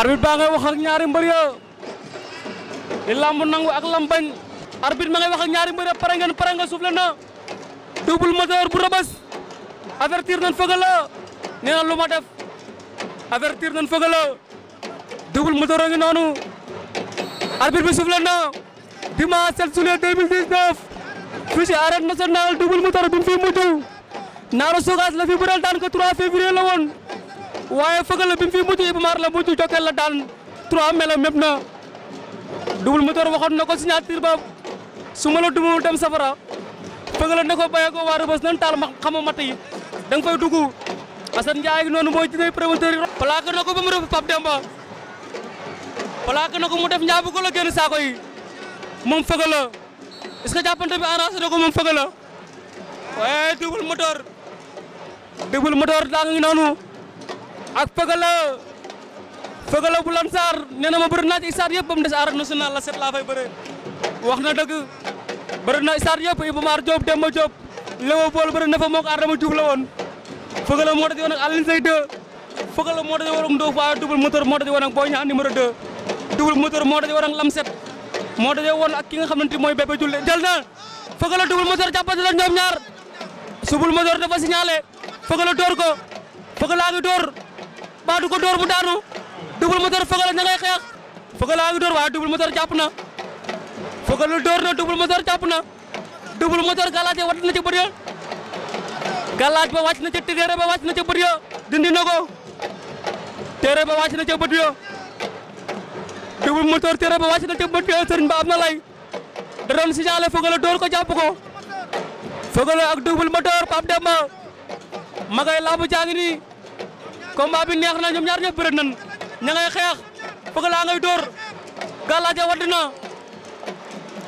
arbitre baa ngay wax ñaari mbër ya li lamb nangu ak lamb bañ arbitre ma ngay wax ñaari mbër ya pare ngeen pare nga suuf la na double moteur bu rëbës avertir nañ fëgg nee na lu ma def avertir nañ fëgg la double moteur a ngi noonu arbitre bi suuf la na dimanche 7 juillet 2019 fii ci arène nationale double moteur bi mu fi mujj Naaru Sogas la fi bëral daan ko 3 la woon waaye Feugeuleu bi mu fi mujj Iba Mar la mujj jokkeel la daan 3 melo mépp na Double Moteur waxoon na ko signature ba su ma la dumul dem safara Feugeuleu na ko bàyyi ko waa Rebeuss nan taal ma xamu mat yi da nga fay dugg Assane Ndiaye noonu mooy dinañ promoteur yi. plaqué na ko ba mu def Pape Demba plaqué na ko mu def ñaabu ko la génn saako yi moom Feugeuleu est-ce que jàppante bi arrangé na ko mu Feugeuleu waaye Double Moteur Double Moteur daa noonu. ak Feugeula Feugeula bu Lansar nee na ma bëri naa ci stade yëpp ba mu des arène nationale la set laa fay bëree wax na dëgg bëri na stade yëpp Iba Mar Diop Demba Diop Léwo Bool bëri na fa moo ko Adama Diouf la woon Feugeula moo dajewoon ak Alioune Seye 2 Feugeula moo dajewoon ak Ndo Faye double moteur moo dajewoon ak Boy Niang numéro 2 double moteur moo dajewoon ak Lamset moo dajewoon ak ki nga xamante ni mooy Bébé Diouldé jël na Feugeula double moteur jàppante na ñoom ñaar subul moteur dafa signalé Feugeula door ko Feugeula a ngi door baa du ko door mu daanu double moteur Feugeula ña ngay xeex Feugeula door waaye double moteur jàpp na Feugeula door na double moteur jàpp na double moteur galaat ya wat na ca bët na ca téere na ca bët ya dindi ko téere ba wàcc na ca bët ya double ba wàcc na ca ba am lay da doon signalé Feugeula door ko jàpp ko Feugeula ak double moteur Pape Demba ma ngay làmb combat bi neex na ñoom ñaar ñëpp bëri nan ña ngay xeex Feugeula ngay dóor gàllaaja wadd na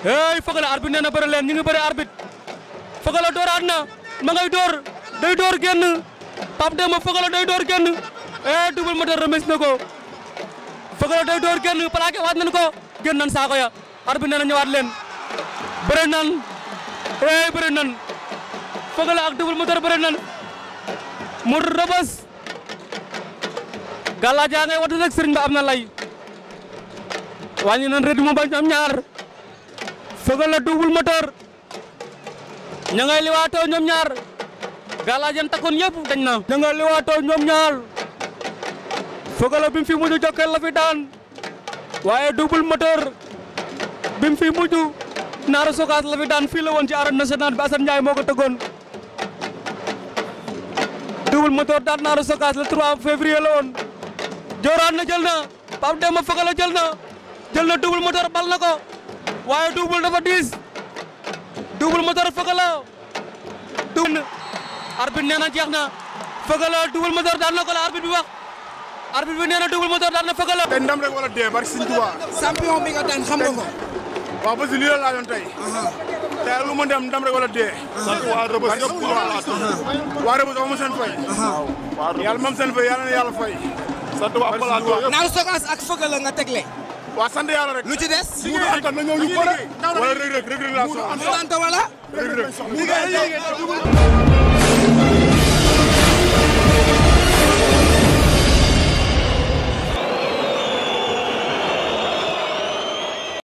hey Feugeula arbitre nee na bëri leen ñu ngi bëri arbitre Feugeula dóoraat na ma ngay dóor day dóor génn Pape Demba Feugeula day dóor génn eh Double Moteur remis na ko Feugeula day dóor génn plaqué waat nañ ko génn nan saako ya arbitre nee na ñëwaat nan hey bëri nan Feugeula ak Double Moteur bëri nan mu rëbës Galla Dia ngay watu rek ba am na lay wàññi nan rëdd mu bañ am ñaar fëgal la double moteur ña ngay liwaatoo ñaar Galla takkoon yëpp dañ na ña ngay liwaatoo ñoom ñaar fëgal la bi mu la fi daan waaye double moteur bi mu fi mujj sokaas la fi daan fii la woon ci arène nationale bi Assane Ndiaye moo ko tëggoon double moteur daan naaru sokaas le 3 février la woon jooraan na jël na Pape Demba Fekala jël na jël na double moteur bal na ko waaye double dafa diis double moteur Fekala double arbitre nee na jeex na Fekala double moteur daan na ko la arbitre bi wax arbitre bi nee na double moteur daan na Fekala tey ndam rek wala dee barki Sëriñ Tuubaa champion daan xam nga ko waaw parce la laajoon tey tey lu mën dem ndam rek wala dee waa Rebeuss waa Rebeuss fay yàlla moom seen fay yàlla na yàlla fay sant waa Plateau. naan Sogas ak Feugeula nga tegle. waaw sant yàlla rek. lu ci des. mu ngi Anta na ñëw ñu bëre. wala Reug Reug laa soxla. mu ngi Anta wala.